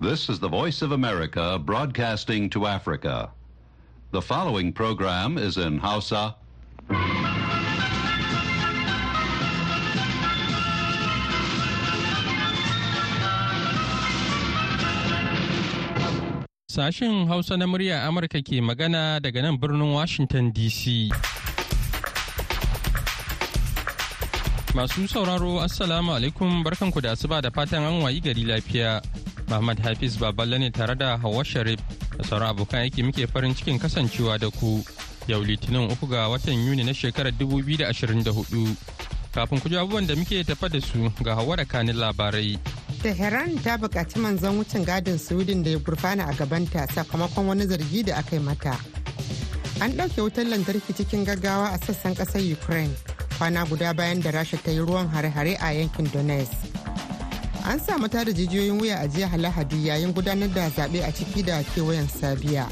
This is the Voice of America broadcasting to Africa. The following program is in Hausa. Sashen Hausa na murya Amurka ke magana daga nan birnin Washington DC. Masu sauraro, Assalamu alaikum barkanku da asuba da fatan an wayi gari lafiya. ahmad Hafiz Baballe ne tare da hawa Sharif da sauran abokan aiki muke farin cikin kasancewa da ku yau Litinin uku ga watan Yuni na shekarar 2024. Kafin ku ji abubuwan da muke tafa da su ga hawa da kanin labarai. Tehran ta buƙaci manzon wucin gadin Sweden da ya gurfana a gabanta sakamakon wani zargi da aka yi mata. An ɗauke wutar lantarki cikin gaggawa a sassan ƙasar Ukraine kwana guda bayan da Rasha ta yi ruwan hare-hare a yankin Donetsk. an samu da jijiyoyin wuya a jiya lahadi yayin gudanar da zaɓe a ciki da kewayen sabiya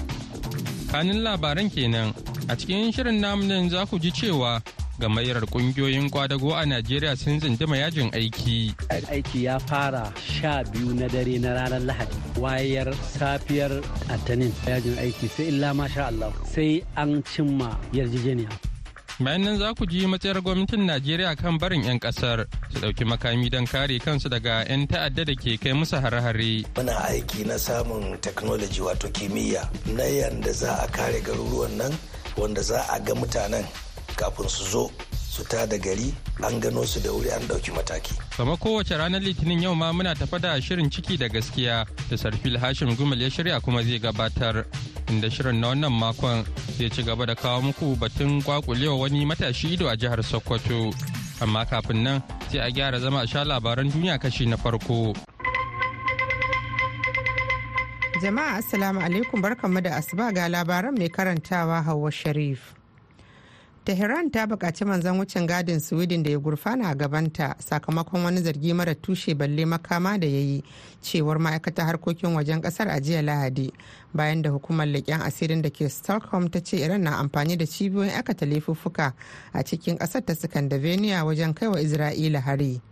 kanin labaran kenan a cikin shirin namunan za ku ji cewa gamayyar kungiyoyin kwadago a najeriya sun zindima yajin aiki aiki ya fara sha biyu na dare na ranar lahadi wayar safiyar atanin yajin aiki sai illa masha allah sai an cimma yarjejeniya bayan za ku ji matsayar gwamnatin najeriya kan barin 'yan kasar su ɗauki makami don kare kansu daga 'yan ta'adda da ke kai musu hare-hare muna aiki na samun technology wato kimiyya na yadda za a kare garuruwan nan wanda za a ga mutanen kafin su zo su ta da gari an gano su da wuri an ɗauki mataki. Kama kowace ranar litinin yau ma muna tafa da shirin ciki da gaskiya da sarfil hashim gumal ya shirya kuma zai gabatar inda shirin na wannan makon zai ci gaba da kawo muku batun kwakulewa wani matashi ido a jihar sokoto amma kafin nan sai a gyara zama a sha labaran duniya kashi na farko. Jama'a Assalamu alaikum barkanmu da asuba ga labaran mai karantawa Hauwa Sharif. Tehran ta bukaci manzan wucin gadin Sweden da ya gurfana a gabanta sakamakon wani zargi mara tushe balle makama da ya yi cewar ma'aikatar harkokin wajen kasar a jiya Lahadi bayan da hukumar leƙen asirin da ke Stockholm ta ce Iran na amfani da cibiyoyin aikata laifuffuka a cikin ƙasar ta Scandinavia wajen kaiwa Isra'ila hari.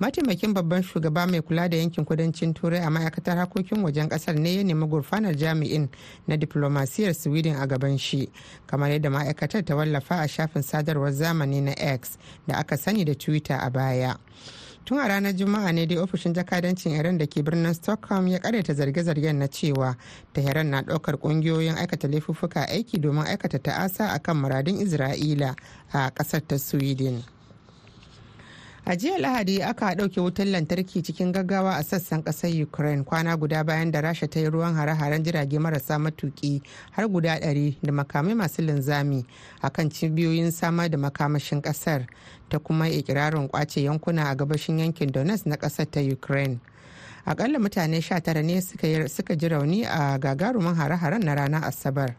mataimakin babban shugaba mai kula da yankin kudancin turai a ma'aikatar harkokin wajen kasar ne ya nemi gurfanar jami'in na diplomasiyar sweden a gaban shi kamar yadda ma'aikatar ta wallafa a shafin sadarwar zamani na x da aka sani da twitter a baya tun a ranar juma'a ne dai ofishin jakadancin iran da ke birnin stockholm ya karyata zarge-zargen na cewa tehran na daukar kungiyoyin aikata laifuffuka aiki domin aikata ta'asa akan muradin isra'ila a kasar ta sweden a jiya lahadi aka ɗauke wutar lantarki cikin gaggawa a sassan kasar ukraine kwana guda bayan da rasha ta yi ruwan hare-haren jirage marasa matuki har guda ɗari da makamai masu linzami a kan cibiyoyin samar da makamashin kasar ta kuma ikirarin kwace yankuna a gabashin yankin donetsk na kasar ta ukraine akalla mutane 19 ne suka ji rauni a gagarumin hare-haren na ranar asabar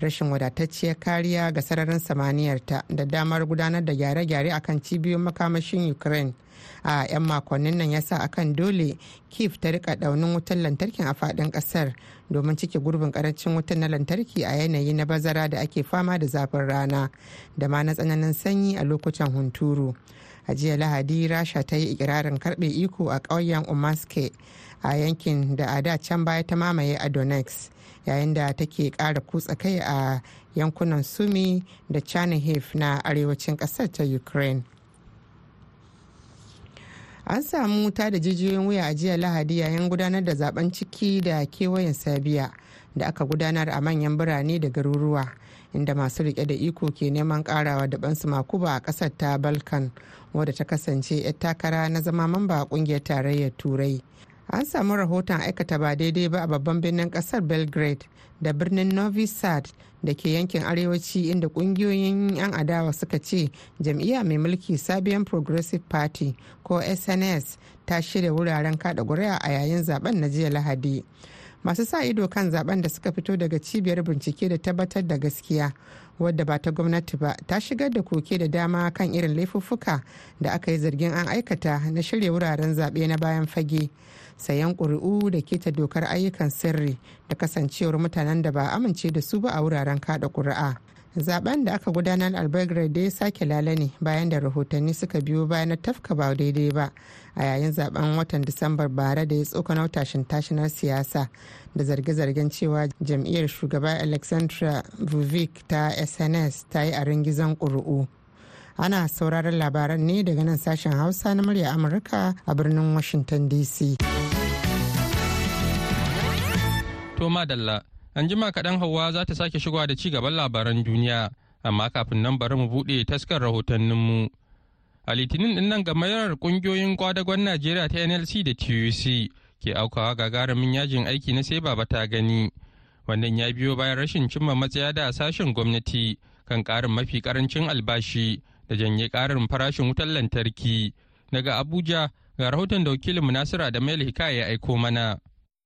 rashin wadatacciyar kariya ga sararin samaniyarta da damar gudanar da gyare-gyare a kan cibiyoyin makamashin ukraine a 'yan makonnin nan yasa akan dole kif ta rika daunin wutan lantarki a fadin kasar domin cike gurbin karancin wutar na lantarki a yanayi na bazara da ake fama da zafin rana da ma na tsananin sanyi a lokutan hunturu a jiya lahadi rasha ta yi ikirarin karbe iko a ƙauyen umaske a yankin da a da can baya ta mamaye a donex yayin da take ƙara kutsa kai a yankunan sumi da chernihiv na arewacin ƙasar ta ukraine an samu wuta da jijiyoyin wuya a jiya lahadi yayin gudanar da zaben ciki da kewayen sabiya da aka gudanar a manyan birane da garuruwa inda masu rike da iko ke neman karawa da bansu makuba a kasar ta balkan wadda ta kasance 'yar takara na zama mamba a kungiyar tarayyar turai an samu rahoton aikata ba daidai ba a babban birnin kasar belgrade da birnin novi sad da ke yankin arewaci inda kungiyoyin 'yan adawa suka ce jam'iyya mai mulki sabian progressive party ko sns ta shirya wuraren kada ƙuri'a a yayin zaben na jiya lahadi masu sa ido kan zaben da suka fito daga cibiyar bincike da tabbatar da gaskiya wadda ba ta gwamnati ba ta shigar da koke da dama kan irin laifuffuka da aka yi zargin an aikata na shirya wuraren zaɓe na bayan fage sayan ƙuri'u da keta dokar ayyukan sirri da kasancewar mutanen da ba amince da su ba a wuraren kaɗa ƙuri'a zaben da aka gudanar a da ya sake lalane bayan da rahotanni suka biyo bayan na tafka ba daidai ba a yayin zaben watan disambar bara da ya na tashin tashinar siyasa da zarge-zargen cewa jam'iyyar shugaba alexandra vuvik ta sns ta yi a ringizan ƙuri'u ana sauraron labaran ne daga nan sashen hausa na murya amurka a birnin washington dc toma An jima kaɗan Hauwa za ta sake shigowa da ci gaban labaran duniya, amma kafin nan bari mu buɗe taskar rahotanninmu. A litinin ɗin nan gamayyar ƙungiyoyin kwadagon Najeriya ta NLC da TUC ke aukawa gagarumin yajin aiki na sai baba ta gani. Wannan ya biyo bayan rashin cimma matsaya da sashen gwamnati kan ƙarin mafi ƙarancin albashi da janye ƙarin farashin wutar lantarki. Daga Abuja ga rahoton da wakilin munasira da mail Hikaya ya aiko mana.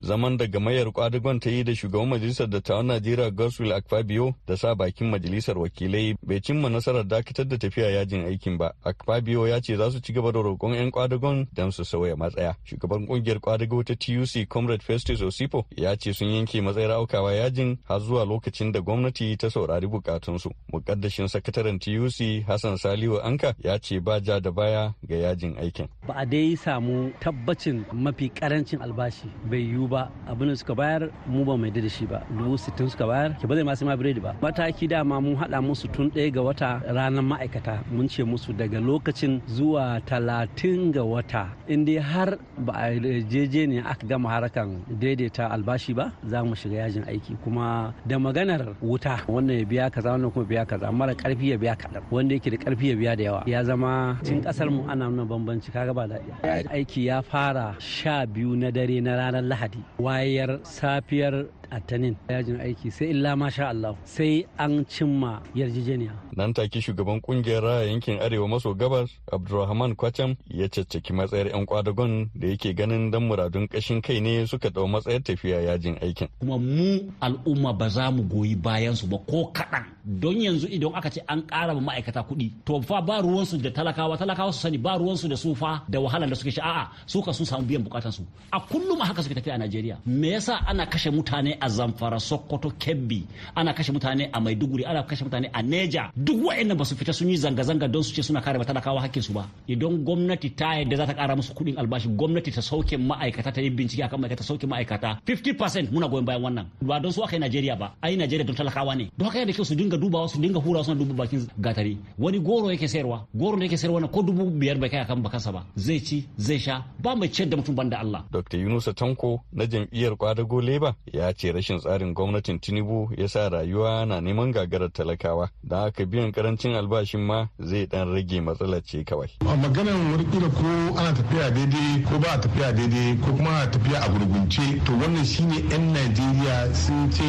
zaman da gamayar kwadagon ta yi da shugaban majalisar dattawan najeriya goswell akfabio da sa bakin majalisar wakilai bai cimma nasarar dakatar da tafiya yajin aikin ba akfabio ya ce za su ci gaba da roƙon 'yan kwadagon don su sauya matsaya shugaban kungiyar kwadago ta tuc comrade festus osipo ya ce sun yanke matsayar aukawa yajin har zuwa lokacin da gwamnati ta saurari bukatunsu mukaddashin sakataren tuc hassan salihu anka ya ce ba ja da baya ga yajin aikin ba a dai samu tabbacin mafi karancin albashi bai yiwu ba abin suka bayar mu ba mai da shi ba dubu sittin suka bayar ke ba zai masu ma biredi ba mataki dama mun hada musu tun ɗaya ga wata ranar ma'aikata mun ce musu daga lokacin zuwa talatin ga wata in dai har ba a jeje ne aka gama harakan daidaita albashi ba za mu shiga yajin aiki kuma da maganar wuta wannan ya biya kaza wannan kuma biya kaza mara karfi ya biya kaɗan wanda yake da karfi ya biya da yawa ya zama cin kasar mu ana nuna bambanci kaga ba daɗi aiki ya fara sha biyu na dare na ranar lahadi wayar safiyar attanin yajin aiki sai illa masha Allah sai an cimma yarjejeniya. Nan take shugaban kungiyar raya yankin Arewa maso gabas Abdulrahman Kwacham ya caccaki matsayar 'yan kwadagon da yake ganin dan muradun kashin kai ne suka dau matsayar tafiya yajin aikin. Kuma mu al'umma ba za mu goyi bayan su ba ko kaɗan don yanzu idan aka ce an ƙara ma ma'aikata kuɗi to fa ba ruwansu da talakawa talakawa su sani ba ruwansu da su da wahalar da suke sha'a'a a'a su ka sun samu biyan bukatansu a kullum haka suke tafiya a Najeriya me yasa ana kashe mutane a zamfara sokoto kebbi ana kashe mutane a maiduguri ana kashe mutane a neja duk wa'annan ba su fita sun yi zanga-zanga don su ce suna kare talakawa hakkin su ba idan gwamnati ta yadda za ta kara musu kuɗi albashi gwamnati ta sauke ma'aikata ta yi bincike akan ma'aikata sauke ma'aikata 50% muna goyon bayan wannan ba don su aka yi Najeriya ba ai Najeriya don talakawa ne don haka yana da kyau su dinga dubawa su dinga hurawa suna duba bakin gatari wani goro yake sayarwa goro da yake sayarwa na ko dubu biyar bai kai akan bakansa ba zai ci zai sha ba mai ciyar da mutum banda Allah Dr. Yunusa Tanko na jam'iyyar Kwadago Leba ya ce ce rashin tsarin gwamnatin tinubu ya sa rayuwa na neman gagarar talakawa da haka biyan karancin albashin ma zai dan rage matsalar ce kawai a maganar warkila ko ana tafiya daidai ko ba a tafiya daidai ko kuma a tafiya a gurgunce to wannan shine 'yan najeriya sun ce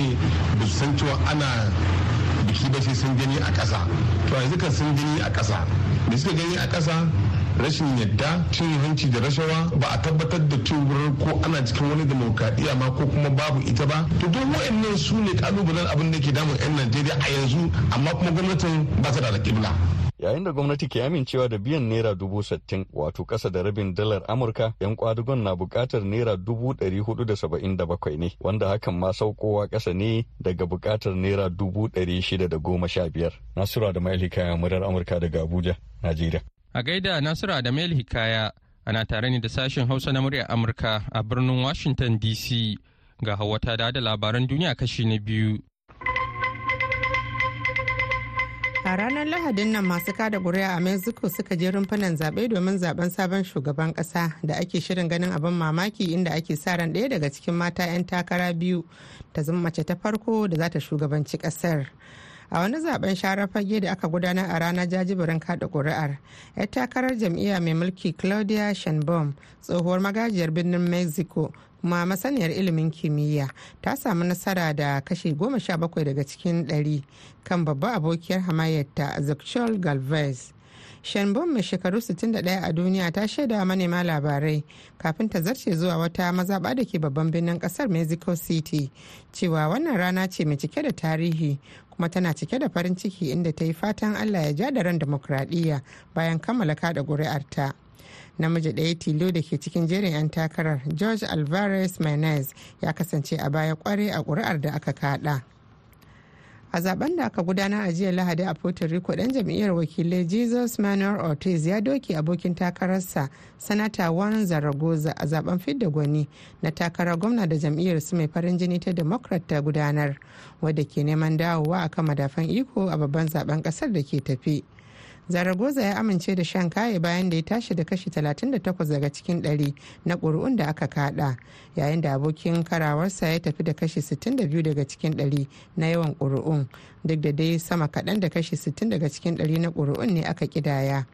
ba su san cewa ana biki ba sai sun gani a ƙasa to yanzu kan sun gani a ƙasa da suka gani a ƙasa rashin yadda cin hanci da rashawa ba a tabbatar da cewar ko ana cikin wani demokradiyya ma ko kuma babu ita ba to duk wa'annan su ne kalubalen abin da ke damun 'yan najeriya a yanzu amma kuma gwamnatin ba ta da alƙibla yayin da gwamnati ke amincewa da biyan naira dubu sittin wato kasa da rabin dalar amurka yan kwadugon na bukatar naira dubu dari hudu da saba'in da bakwai ne wanda hakan ma saukowa kasa ne daga bukatar naira dubu dari shida da goma sha biyar nasura da ma'ilika murar amurka daga abuja najeriya A gaida Nasiru Adamel Hikaya ana tare ne da sashen Hausa na muryar Amurka a birnin Washington DC ga hawa ta da labaran duniya kashi na biyu. A ranar Lahadin nan masu kada ƙuri'a a Mexico suka je rumfunan zaɓe domin zaben sabon shugaban ƙasa da ake shirin ganin abin mamaki inda ake sa ran ɗaya daga cikin mata 'yan takara biyu ta zama mace ta farko da za ta shugabanci ƙasar. a wani zaben sharar fage da aka gudanar a ranar jajibirin kada kuri'ar yar takarar jam'iyya mai mulki claudia shanbom tsohuwar magajiyar birnin mexico kuma masaniyar ilimin kimiyya ta samu nasara da kashi 17 daga cikin 100 kan babba abokiyar hamayyarta zachel galvez shanbon mai shekaru 61 a duniya ta shaida manema labarai kafin ta zarce zuwa wata mazaɓa da ke babban birnin ƙasar mexico city cewa wannan rana ce mai cike da tarihi kuma tana cike da farin ciki inda ta yi fatan allah ya ja da ran demokuraɗiyya bayan kammala kada ƙuri'arta. namiji ɗaya tilo da ke cikin jerin 'yan takarar george alvarez menez ya kasance a baya ƙware a ƙuri'ar da aka kaɗa. a zaben da aka gudanar a jiya lahadi a puerto rico dan jam'iyyar wakilai jesus manuel ortiz ya doke abokin takararsa sanata warren zaragoza a zaben fidda gwani na takarar gwamna da jam'iyyar su mai farin jini ta democrat ta gudanar wadda ke neman dawowa akan madafan iko a babban zaben kasar da ke tafi zaragoza ya amince da shan kaye bayan da ya tashi da kashi 38 daga cikin 100 na ƙuri'un da aka kada yayin da abokin karawarsa ya tafi da kashi 62 daga cikin 100 na yawan ƙuri'un duk da dai sama kaɗan da kashi 60 daga cikin 100 na ƙuri'un ne aka kidaya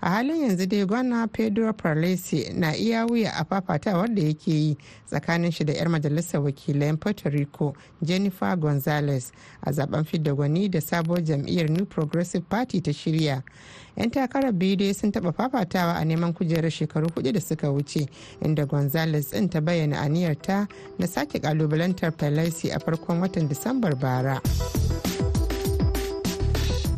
a halin yanzu dai gwana pedro parlesi na iya wuya a fafatawar da yake yi tsakanin shi da 'yar majalisar wakilan puerto rico jennifer gonzalez a zaben fidda gwani da sabuwar jam'iyyar new progressive party ta shirya 'yan takarar biyu dai sun taba fafatawa a neman kujerar shekaru hudu da suka wuce inda gonzales din ta bayyana aniyarta na sake kalubalantar pelosi a farkon watan disambar bara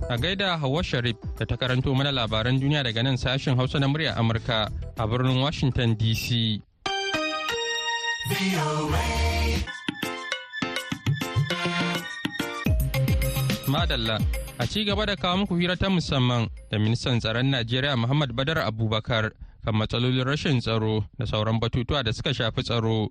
a gaida hawa sharif da ta karanto mana labaran duniya daga nan sashen hausa na murya amurka a birnin washington dc madalla A ci gaba da kawo muku hira ta musamman da ministan tsaron Najeriya Muhammad Badar Abubakar kan matsalolin rashin tsaro da sauran batutuwa da suka shafi tsaro.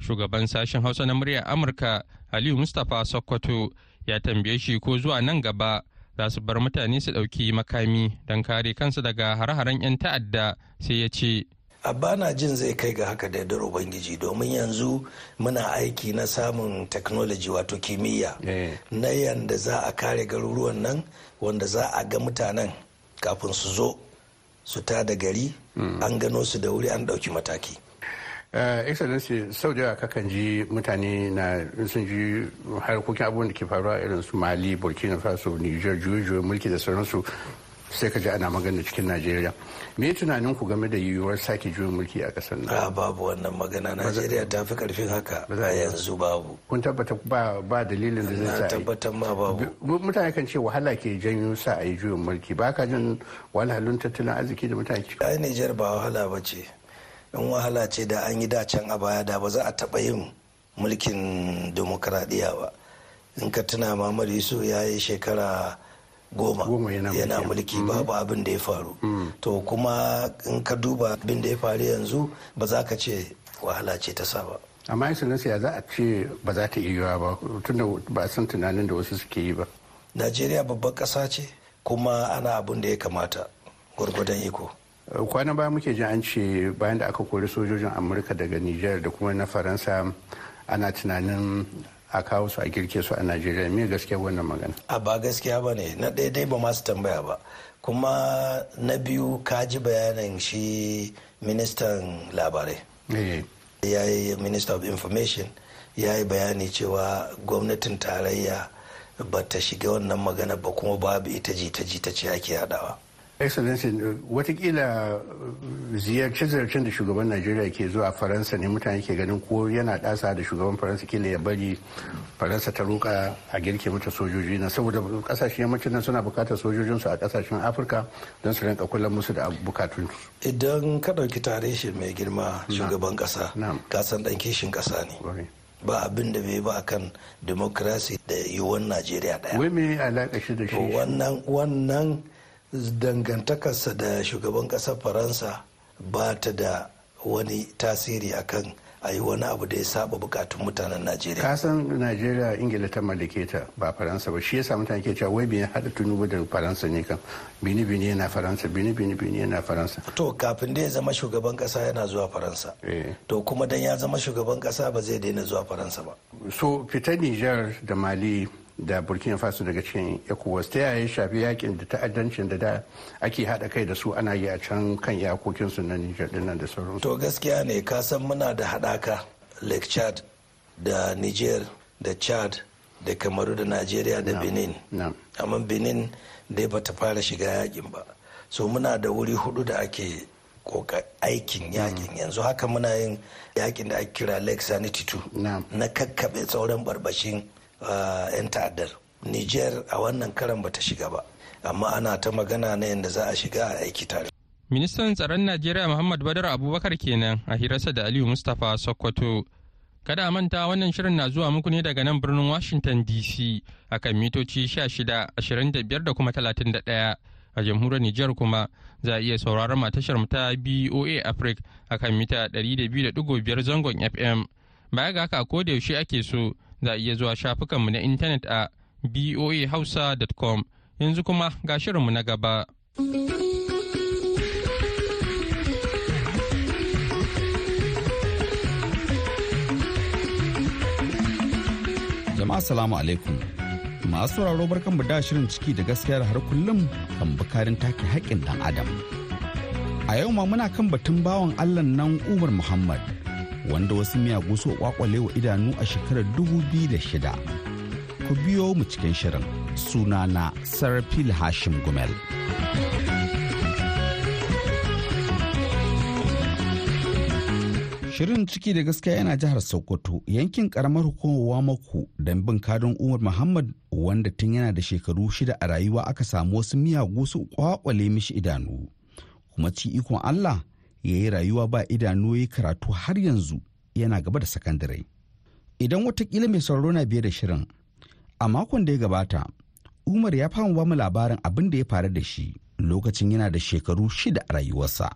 Shugaban sashen Hausa na muryar Amurka Aliyu Mustapha Sokoto ya tambaye shi ko zuwa nan gaba za su bar mutane su ɗauki makami don kare kansu daga hare-haren 'yan ta'adda sai ya ce. bana jin zai kai ga haka da yadda ubangiji domin yanzu muna aiki na samun technology wato kimiyya eh. na yadda za a kare garuruwan nan wanda za a ga mutanen kafin su zo su ta da gari hmm. an gano su da wuri an ɗauki mataki eh, excellency sau da kakan ji mutane na sun ji harkokin abubuwan da ke faruwa irin su mali burkina faso niger juyo mulki da sauransu sai ka ji ana magana cikin najeriya me tunanin ku game da yiwuwar sake juyin mulki a kasar nan ah, babu wannan magana najeriya ta fi karfin haka a yanzu babu kun tabbata ba dalilin da zai sa tabbatan ma babu mutane kan ce wahala ke janyo sa a yi juyin mulki ba ka jin wahalhalun tattalin arziki da mutane ke ai Nijar ba wahala ba ce in wahala ce da an yi dacen a baya da ba za a taba yin mulkin demokradiyya ba in ka tuna mamadu yusuf ya yi shekara goma yana mulki mm-hmm. babu abin da ya faru mm. to kuma in ka duba abin da ya faru yanzu ba za ka ce wahala ce ta saba amma sanar ya za a ce ba za ta iya ba tunda ba san tunanin da wasu suke yi ba najeriya babban ƙasa ce kuma ana abin da ya kamata gwargwadon iko eh, kwanan baya muke jin an ce bayan da aka kori sojojin amurka daga Nijar da kuma na faransa ana tunanin a kawo su a girke su a najeriya me gaskiya wannan magana a ba gaskiya ba ne na ɗaya dai ba masu tambaya ba kuma na biyu ka ji bayanin shi ministan labarai eh. ya yi minister of information ya yi bayani cewa gwamnatin tarayya ba ta shiga wannan magana ba kuma babu ita jita jita ce ake hadawa excellency watakila ziyarce-ziyarcen da shugaban najeriya ke zuwa faransa ne mutane ke ganin ko yana ɗasa da shugaban faransa kila ya bari faransa ta roƙa a girke mata sojoji na saboda kasashen yammacin nan suna buƙatar sojojinsu a kasashen afirka don su rinka kullum musu da bukatun idan ka ɗauki tarihi mai girma shugaban ƙasa ka san ɗan kishin ƙasa ne ba abin da bai ba kan demokrasi da yiwuwar najeriya ɗaya wai me alaƙa shi da shi wannan wannan dangantakarsa da shugaban ƙasar faransa ba ta da wani tasiri akan a yi wani abu da ya saba bukatun mutanen najeriya ka san najeriya ingila ta mallake ta ba faransa ba shi yasa mutane ke cewa wai bin hada tunubu da faransa ne kan bini bini yana faransa bini bini bini yana faransa to kafin da ya zama shugaban kasa yana zuwa faransa eh. to kuma dan ya zama shugaban kasa ba zai daina zuwa faransa ba so fita niger da mali da burkina faso daga cikin ecowas ta yaya shafi yakin da ta'addancin da da ake haɗa kai da su ana yi a can kan iyakokinsu na nijar dinnan da sauransu to gaskiya ne ka san muna da haɗaka lake chad da niger da chad da kamaru da nigeria da benin amma benin dai bata fara shiga yakin ba so muna da wuri hudu da ake aikin mm. yakin yanzu haka muna yin yakin da ake kira lake sanity 2 na kakkaɓe sauran barbashin Eh, 'yan ta'addar niger a wannan karan bata shiga ba amma ana ta magana na yadda za a shiga a aiki tare ministan tsaron najeriya muhammad badar abubakar kenan a hirarsa da aliyu mustapha sokoto kada a manta wannan shirin na zuwa muku ne daga nan birnin washington dc kan mitoci 16 da kuma 31 a jamhuriyar Nijar kuma za a iya sauraron matashar ta BOA Africa akan mita 200.5 zangon FM. Baya ga haka ko da yaushe ake so za a iya zuwa shafukanmu na intanet a boahausa.com yanzu kuma ga shirinmu na gaba. Jama'a salamu alaikum. Masu sauraro barkanmu da shirin ciki da gaskiyar har kullum kan bukarin take haƙƙin dan adam. A yau ma muna kan batun bawan Allah nan Umar Muhammad wanda wasu miyagu su kwakwale wa idanu a shekarar 2006 ku biyo mu cikin shirin suna na sarafil hashim gumel shirin ciki da gaskiya yana jihar sokoto yankin karamar hukumar wamaku don bin kadin umar muhammad wanda tun yana da shekaru shida a rayuwa aka samu wasu miyagu su kwakwale mishi idanu kuma ci ikon allah ya yi rayuwa ba idanu ya karatu har yanzu yana gaba da sakandare idan watakila mai sauraro na biye da shirin a makon da ya gabata umar ya fama ba mu labarin abin da ya faru da shi lokacin yana da shekaru shida a rayuwarsa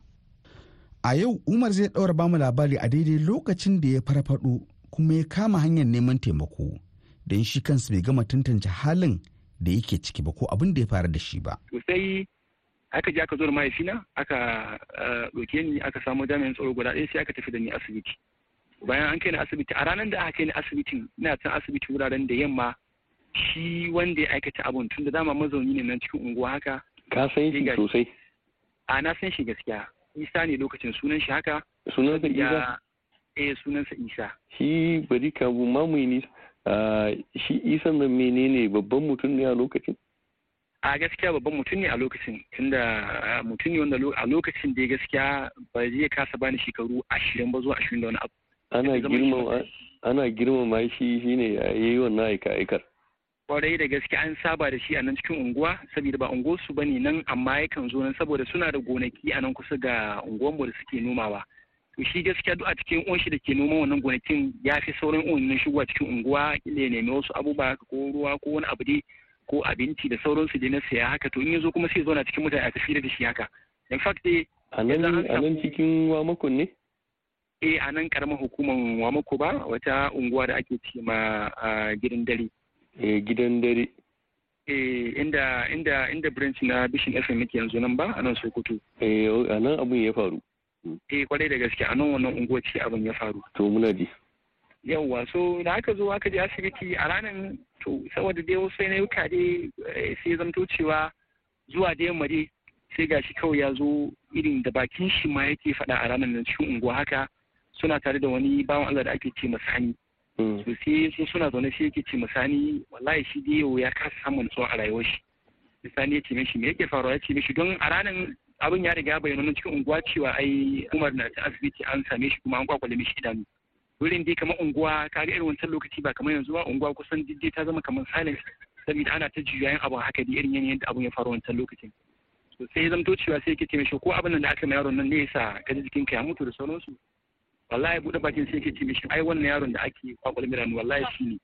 a yau umar zai ɗaura ba mu labari a daidai lokacin da ya farfaɗo kuma ya kama hanyar neman taimako don shi kansa bai gama tantance halin da yake ciki ba ko abin da ya faru da shi ba. aka je aka zo da mahaifina aka eh, ɗauke ni aka samu jami'in tsaro guda ɗaya sai aka tafi da ni asibiti bayan an kai ni asibiti a ranar da aka kai ni asibitin ina can asibiti wuraren da yamma shi wanda ya aikata abun tun da dama mazauni ne nan cikin unguwa haka ka san shi sosai a na san shi gaskiya isa ne lokacin sunan shi haka sunan sa isa eh sunan sa isa shi bari ka bu mamuni ah, shi isa nan menene babban mutum ne a lokacin a gaskiya babban mutum ne a lokacin tunda ah, mutum ne wanda a lokacin da gaskiya ba zai kasa bani shekaru ashirin ba zuwa ashirin da wani abu ana girmama shi shine a yi wannan aika aikar kwarai da gaske an saba da shi a nan cikin unguwa saboda ba unguwar su bane nan amma yakan zo nan saboda suna da gonaki a nan kusa ga unguwar mu da suke nomawa to shi gaskiya duk a cikin shi da ke noman wannan gonakin ya fi sauran unguwar shigowa cikin unguwa ya nemi wasu abubuwa ko ruwa ko wani abu dai ko abinci da sauransu da na saya haka to in ya zo kuma sai zauna cikin mutane a tafiya da shi haka in fact dai eh, a nan cikin wamakon ne eh a nan karamar hukumar wamako ba wata unguwa da ake ce ma gidan dare eh gidan dare eh inda inda inda branch na bishin FM yake yanzu nan ba a nan Sokoto eh a nan abin ya faru eh kwarai da gaske a nan wannan unguwa ce abin ya faru to muna ji yawwa so da aka zo aka je asibiti a ranar to saboda dai wasu yuka dai eh, sai zamto cewa zuwa da yamma dai sai gashi kawai ya zo irin da bakin shi ma yake fada a ranar nan cikin unguwa haka suna tare da wani bawan Allah da ake ce masani to mm. sai sun suna zaune sai yake ce masani wallahi shi dai yau ya kasa samun tsawon a rayuwar shi misali ya ce mishi me yake faruwa ya ce mishi don a ranar abin ya riga bayyana cikin unguwa cewa ai Umar na ta asibiti an same shi kuma an kwakwale mishi idanu wurin dai kamar unguwa kaga irin wancan lokaci ba kamar yanzu ba unguwa kusan diddai ta zama kamar silent saboda ana ta yin abu haka da irin yanayin da abun ya faru wancan lokacin to sai to cewa sai yake taimake ko abin da aka ma yaron nan ne yasa ka ji jikin ka ya mutu da sauransu wallahi bude bakin sai yake taimake ai wannan yaron da ake kwakwal miran wallahi shi ne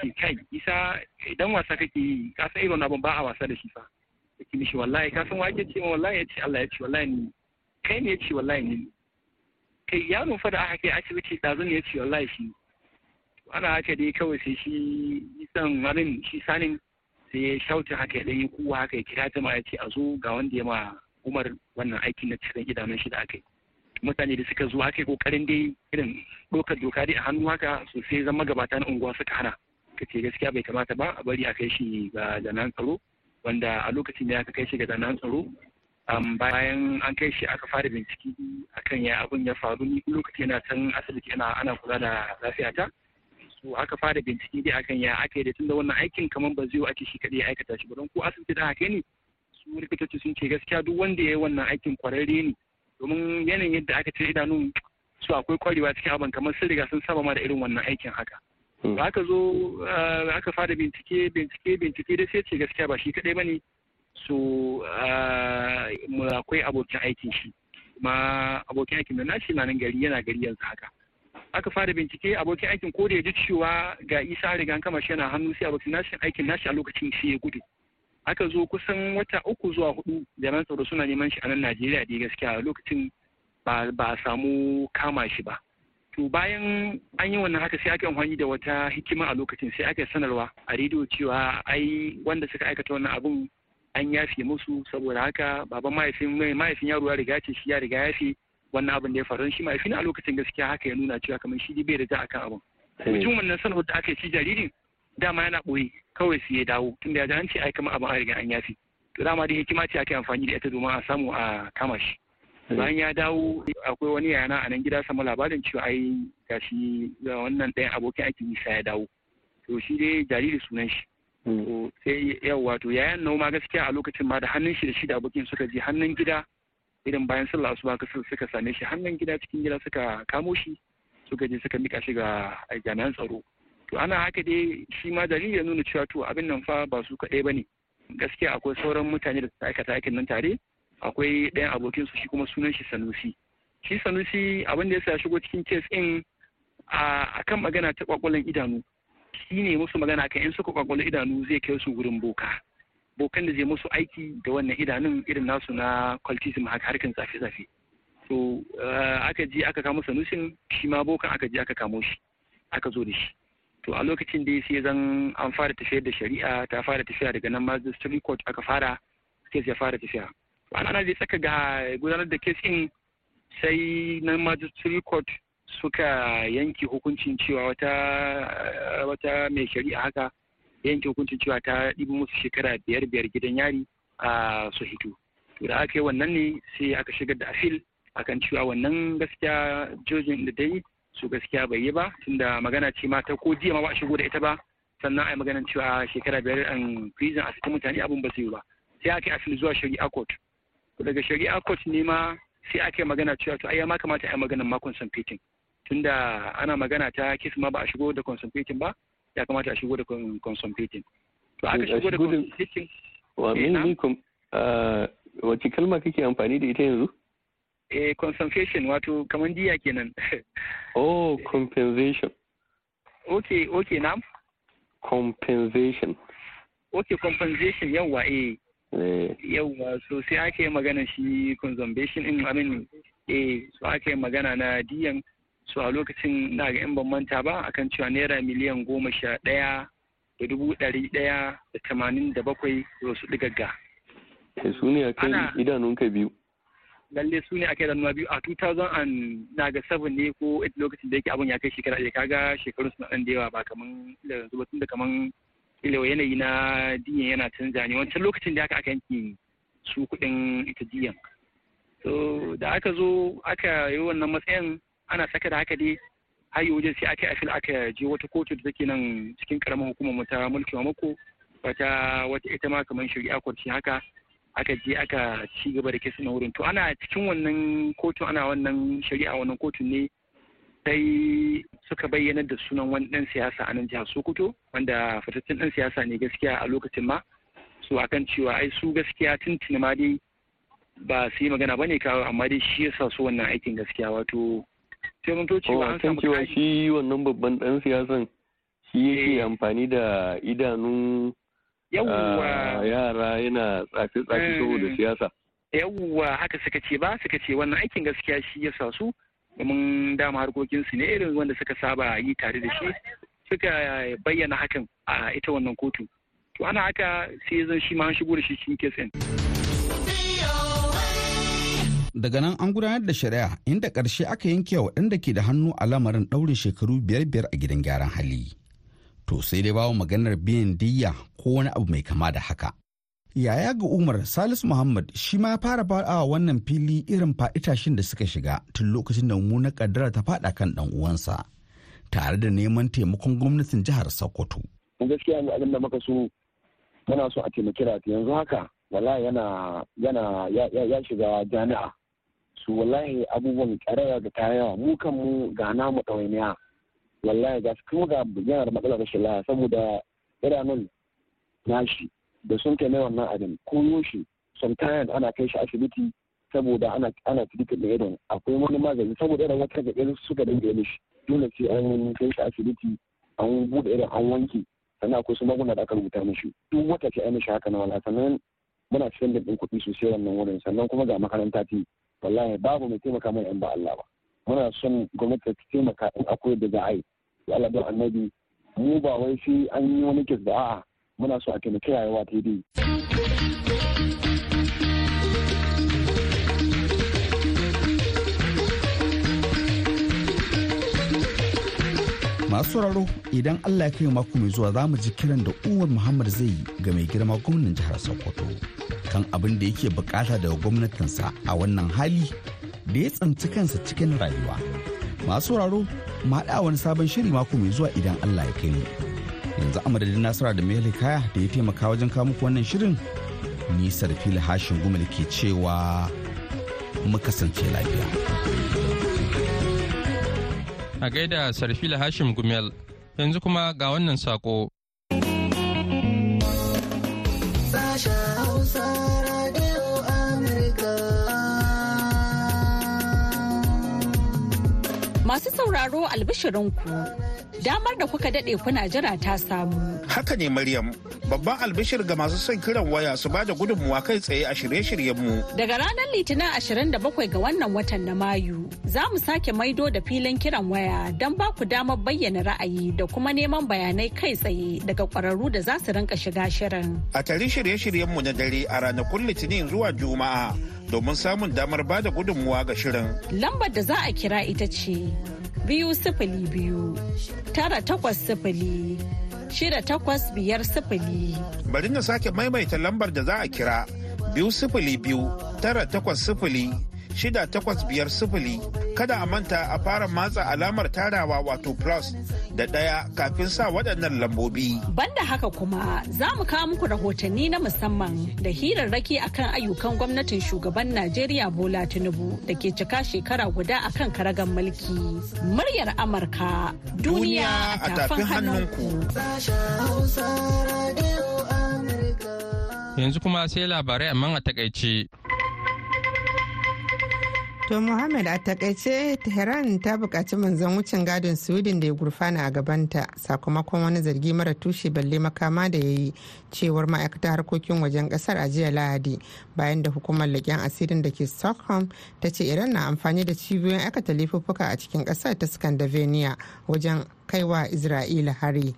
shi kai isa idan wasa kake yi ka san irin abin ba a wasa da shi fa yake mishi wallahi ka san wa ake ce wallahi ya ce Allah ya ce wallahi ni kai ne ya ce wallahi ni kai ya nufa da aka kai asibiti ɗazu ne ya ce wallahi shi ana haka dai kawai sai shi san marin shi sanin sai ya shauta haka ya ɗanyi kuwa haka ya kira jama'a ya ce a zo ga wanda ya ma umar wannan aiki na cikin idanun shi da aka yi mutane da suka zo haka yi kokarin dai irin ɗaukar doka dai a hannu haka sosai zama gabata na unguwa suka hana ka ce gaskiya bai kamata ba a bari a kai shi ga jami'an tsaro wanda a lokacin da aka kai shi ga jami'an tsaro bayan an kai shi aka fara bincike akan ya abin ya faru ni lokaci yana can asibiti ana ana kula da lafiyata so aka fara bincike dai akan ya aka yi da tunda wannan aikin kamar ba zai ake shi kadai aikata shi ba don ko asibiti da haka ne su likitoci sun ce gaskiya duk wanda ya yi wannan aikin kwararre ne domin yanayin yadda aka ce idanu, su akwai kwarewa cikin abin kamar sun riga sun saba ma da irin wannan aikin haka ba hmm. aka zo ah, aka fara bincike bincike bincike da sai ce gaskiya ba shi kadai ba ne. so eh, akwai abokin aikin shi ma abokin aikin da nashi na nan gari yana gari yanzu haka aka fara bincike abokin aikin ko da ya ji cewa ga isa riga an kama shi yana hannu sai abokin nashi aikin nashi a lokacin shi ya gudu aka zo kusan wata uku zuwa hudu da nan tsaro suna neman shi a nan najeriya da gaskiya a lokacin ba a samu kama shi ba to bayan an yi wannan haka sai aka amfani da wata hikima a lokacin sai aka sanarwa a rediyo cewa ai wanda suka aikata wannan abun an yafe musu saboda haka baban mahaifin mahaifin yaro ya riga ce shi ya riga yafe wannan abin da ya faru shi mahaifin a lokacin gaskiya haka ya nuna cewa kamar shi bai da akan abin mutum eh. wannan san da aka ci jaririn dama yana ɓoye kawai su ya dawo tunda ya ji an ce ai kamar abin an riga an yafe to dama dai hikima ce ake amfani da ita domin a samu a kama shi eh. bayan ya dawo akwai wani yana a nan gida samu labarin cewa ai gashi wannan ɗayan abokin aiki isa ya dawo to shi dai jariri sunan shi Mm. sai yawa to yayan noma gaskiya a lokacin ma da hannun shi da shi da abokin suka je hannun gida irin bayan sallah su ba suka same shi hannun gida cikin gida suka kamo shi suka je suka mika shi ga jami'an tsaro to ana haka dai shi ma jariri ya nuna cewa to abin nan fa ba su kaɗai ba ne gaskiya akwai sauran mutane da aikata aikin nan tare akwai ɗayan abokin su shi kuma sunan shi sanusi shi sanusi abin da ya sa shigo cikin kes ɗin a kan magana ta kwakwalen idanu shi ne musu magana kan in suka kwakwalo idanu zai kai su wurin boka bokan da zai musu aiki da wannan idanun irin nasu na kwaltism haka harkar zafe-zafe to eh, aka ji aka kamo sanusin shi ma bokan aka ji aka kamo shi aka zo da shi to a lokacin da sai zan an fara tafiyar da shari'a ta fara tafiya daga nan magistrate court aka fara kes ya fara tafiya ana zai tsaka ga gudanar da kes in sai nan magistrate court suka yanke hukuncin cewa wata wata mai shari'a haka yanke hukuncin cewa ta ɗibi musu shekara biyar biyar gidan yari a su hito to da aka yi wannan ne sai aka shigar da afil akan cewa wannan gaskiya jojin da dai su gaskiya bai yi ba tunda magana ce ma ko jiya ma ba a shigo da ita ba sannan a yi maganar cewa shekara biyar an prison a cikin mutane abin ba su yi ba sai aka yi afil zuwa shari'a court daga shari'a court ne ma sai aka yi magana cewa to ai ya ma kamata a yi maganin makon fitin tunda ana magana ta kis ma ba a shigo da consumpting ba ya kamata a shigo da consumpting to aka shigo da consumpting wa eh, min wace kalma kake amfani da ita yanzu eh consumption wato kaman diya kenan oh compensation okay okay nam compensation okay compensation yawa eh, eh. yawa so sai ake yi magana shi consumption in amin eh so ake yi magana na diyan so a lokacin na ga in ban manta ba akan cewa naira miliyan goma sha ɗaya da dubu ɗari ɗaya da tamanin da bakwai da su ɗigagga. Kai eh, su ne a idanun idanunka biyu. Lalle su ne a kai idanunka biyu a 2007 ne ko lokacin da yake abin ya kai shekara ɗaya kaga shekarun suna ɗan da yawa ba kaman yanzu ba tun da kaman ilewa yanayi na diyan yana canza ne wancan lokacin da aka aka yanke su kuɗin ita diyan. So da aka zo aka yi wannan matsayin ana saka da haka dai hayi wajen sai aka afil aka je wata kotu da take nan cikin karamar hukumar mu ta mulkin mako wata wata ita ma kamar shari'a kwarci haka aka je aka ci gaba da kisa na wurin to ana cikin wannan kotu ana wannan shari'a wannan kotu ne sai suka bayyana da sunan wani dan siyasa a nan jihar Sokoto wanda fitattun dan siyasa ne gaskiya a lokacin ma su akan cewa ai su gaskiya tuntuni ma dai ba su yi magana bane kawo amma dai shi yasa su wannan aikin gaskiya wato sai mun to an samu shi wannan babban ɗan siyasan shi yake eh. amfani da idanun ah, yara yana tsafi-tsafi eh. saboda siyasa yawwa haka suka ce ba suka ce wannan aikin gaskiya shi ya sa su domin dama harkokinsu ne irin wanda suka saba yi tare da shi suka bayyana hakan a ita wannan kotu to ana haka sai zan shi ma shigo da shi cikin kesin. daga nan an gudanar da shari'a inda ƙarshe aka yanke wa waɗanda ke da hannu a lamarin ɗaurin shekaru biyar biyar a gidan gyaran hali to sai dai bawa maganar biyan diyya ko wani abu mai kama da haka yaya ga umar salisu muhammad shi ma ya fara faɗa wannan fili irin fa'itashin da suka shiga tun lokacin da mummunar kaddara ta faɗa kan ɗan uwansa tare da neman taimakon gwamnatin jihar sokoto gaskiya ne abin da muka so muna so a taimaki rati yanzu haka wala yana yana ya shiga jami'a su wallahi abubuwan karewa da kayawa mu kan mu ga namu ɗawainiya wallahi ga kuma ga yana da matsalar rashin lafiya saboda idanun nashi da sun kai mai wannan abin koyo shi tayan ana kai shi asibiti saboda ana ana tidikin da irin akwai wani magani saboda irin wata ga irin suka dinga yin shi dole sai an kai shi asibiti an bude irin an wanke sannan akwai su magunguna da aka rubuta mishi duk wata ce an mishi haka na wala sannan muna cikin da kuɗi sosai wannan wurin sannan kuma ga makaranta ce wallahi babu mai taimaka mana in ba Allah ba muna son gwamnati ta taimaka in akwai da za a yi ya Allah don annabi mu ba wai sai an yi wani kis da a'a muna so a taimaki rayuwa ta dai. masu sauraro idan allah ya kai mako mai zuwa zamu ji kiran da umar muhammad zai yi ga mai girma gwamnan jihar sokoto kan abin da yake bukata daga gwamnatinsa a wannan hali da ya tsanci kansa cikin rayuwa masu sauraro ma wani sabon shiri mako mai zuwa idan allah ya kai mu yanzu a madadin nasara da mai kaya da ya taimaka wajen kawo muku wannan shirin ni sarfil hashin gumul ke cewa mu kasance lafiya A gaida Sarfila Hashim Gumel, yanzu kuma ga wannan sako. Masu sauraro albishirinku. damar da kuka daɗe kuna jira ta samu. Haka ne Maryam, babban albishir ga masu son kiran waya su ba da gudunmuwa kai tsaye a shirye mu. Daga ranar Litinin 27 ga wannan watan na Mayu, za mu sake maido da filin kiran waya don ba ku damar bayyana ra'ayi da kuma neman bayanai kai tsaye daga ƙwararru da za su rinka shiga shirin. A tare shirye mu na dare a ranakun Litinin zuwa Juma'a. domin samun damar ba da gudunmuwa ga shirin. Lambar da za a kira ita ce biyu sifili biyu tara takwas sifili shida takwas biyar sifili. Bari na sake maimaita lambar da za a kira biyu sifili biyu tara takwas sifili 6850 kada a manta a fara matsa alamar tarawa wato plus da ɗaya kafin sa waɗannan lambobi. Banda haka kuma za mu kawo muku rahotanni na musamman da hirarraki akan ayyukan gwamnatin shugaban Najeriya Bola Tinubu da ke cika shekara guda kan karagan mulki. Muryar Amurka duniya a tafin hannunku. Yanzu kuma sai labarai amma a takaice. To Muhammad a takaice Tehran ta bukaci manzon wucin gadin Sweden da ya gurfana a gabanta sakamakon wani zargi mara tushe balle makama da ya yi cewar ma'aikatar harkokin wajen kasar a jiya Lahadi bayan da hukumar leƙen asirin da ke Stockholm ta ce Iran na amfani da cibiyoyin aikata laifuffuka a cikin kasar ta Scandinavia wajen kaiwa Isra'ila hari.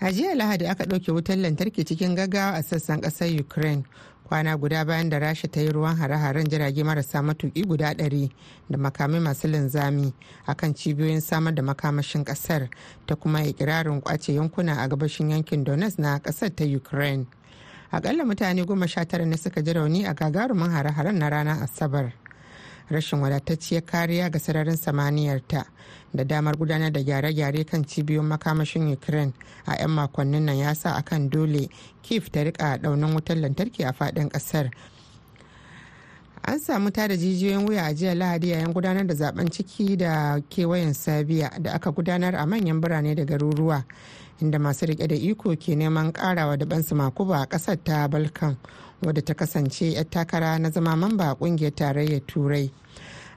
a jiya lahadi aka ɗauke wutar lantarki cikin gaggawa a sassan ƙasar ukraine kwana guda bayan da rasha ta yi ruwan hare-haren jirage marasa matuki guda ɗari da makamai masu linzami a kan cibiyoyin samar da makamashin ƙasar ta kuma ikirarin kwace yankuna a gabashin yankin donetsk na ƙasar ta ukraine akalla mutane goma sha tara ne suka ji rauni a gagarumin hare-haren na ranar asabar rashin wadatacciyar kariya ga sararin samaniyar ta da damar gudanar da gyare-gyare kan cibiyoyin makamashin ukraine a 'yan makonnin nan ya sa akan dole kif ta rika daunin wutar lantarki a fadin ƙasar an samu tada jijiyoyin wuya a jiya lahadi yayin gudanar da zaben ciki da kewayen sabiya da aka gudanar a manyan birane da garuruwa inda masu rike da iko ke neman karawa da bansu makuba a kasar ta balkan wadda ta kasance 'yar takara na zama mamba a kungiyar tarayyar turai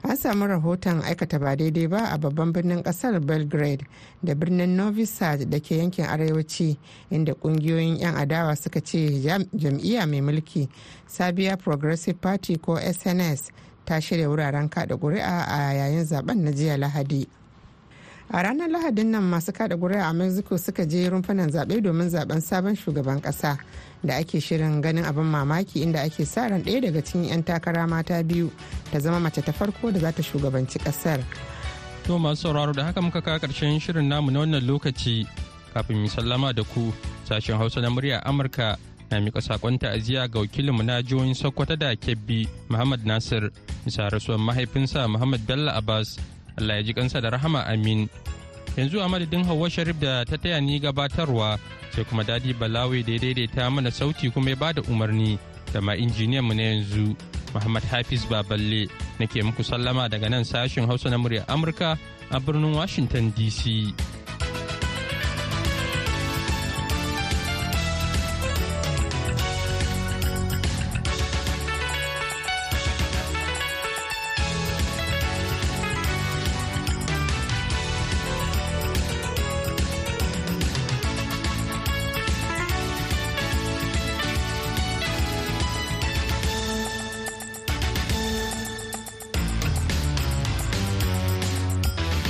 an samu rahoton aikata ba daidai ba a babban birnin kasar belgrade da birnin novi sad da ke yankin arewaci inda kungiyoyin 'yan adawa suka ce jam'iyya mai mulki sabiya progressive party ko sns ta shirya wuraren kada kuri'a a yayin zaben na jiya lahadi a ranar lahadin nan masu kada guri a mexico suka je rumfunan zaɓe domin zaɓen sabon shugaban ƙasa da ake shirin ganin abin mamaki inda ake sa ran ɗaya daga cikin 'yan takara mata biyu ta zama mace ta farko da za ta shugabanci ƙasar to masu sauraro da haka muka kawo ƙarshen shirin namu na wannan lokaci kafin mu sallama da ku sashen hausa na murya amurka na miƙa saƙon ta'aziyya ga wakilinmu na jihohin sokoto da kebbi muhammad nasir bisa rasuwar mahaifinsa muhammad bello abbas Allah ya ji kansa da rahama amin. Yanzu a madadin Hauwa Sharif da ta taya ni gabatarwa sai kuma Dadi Balawe da ya daidaita mana sauti kuma ya bada umarni da ma injiniyan mu na yanzu Muhammad Hafiz Baballe nake muku sallama daga nan sashin Hausa na murya Amurka a birnin Washington DC.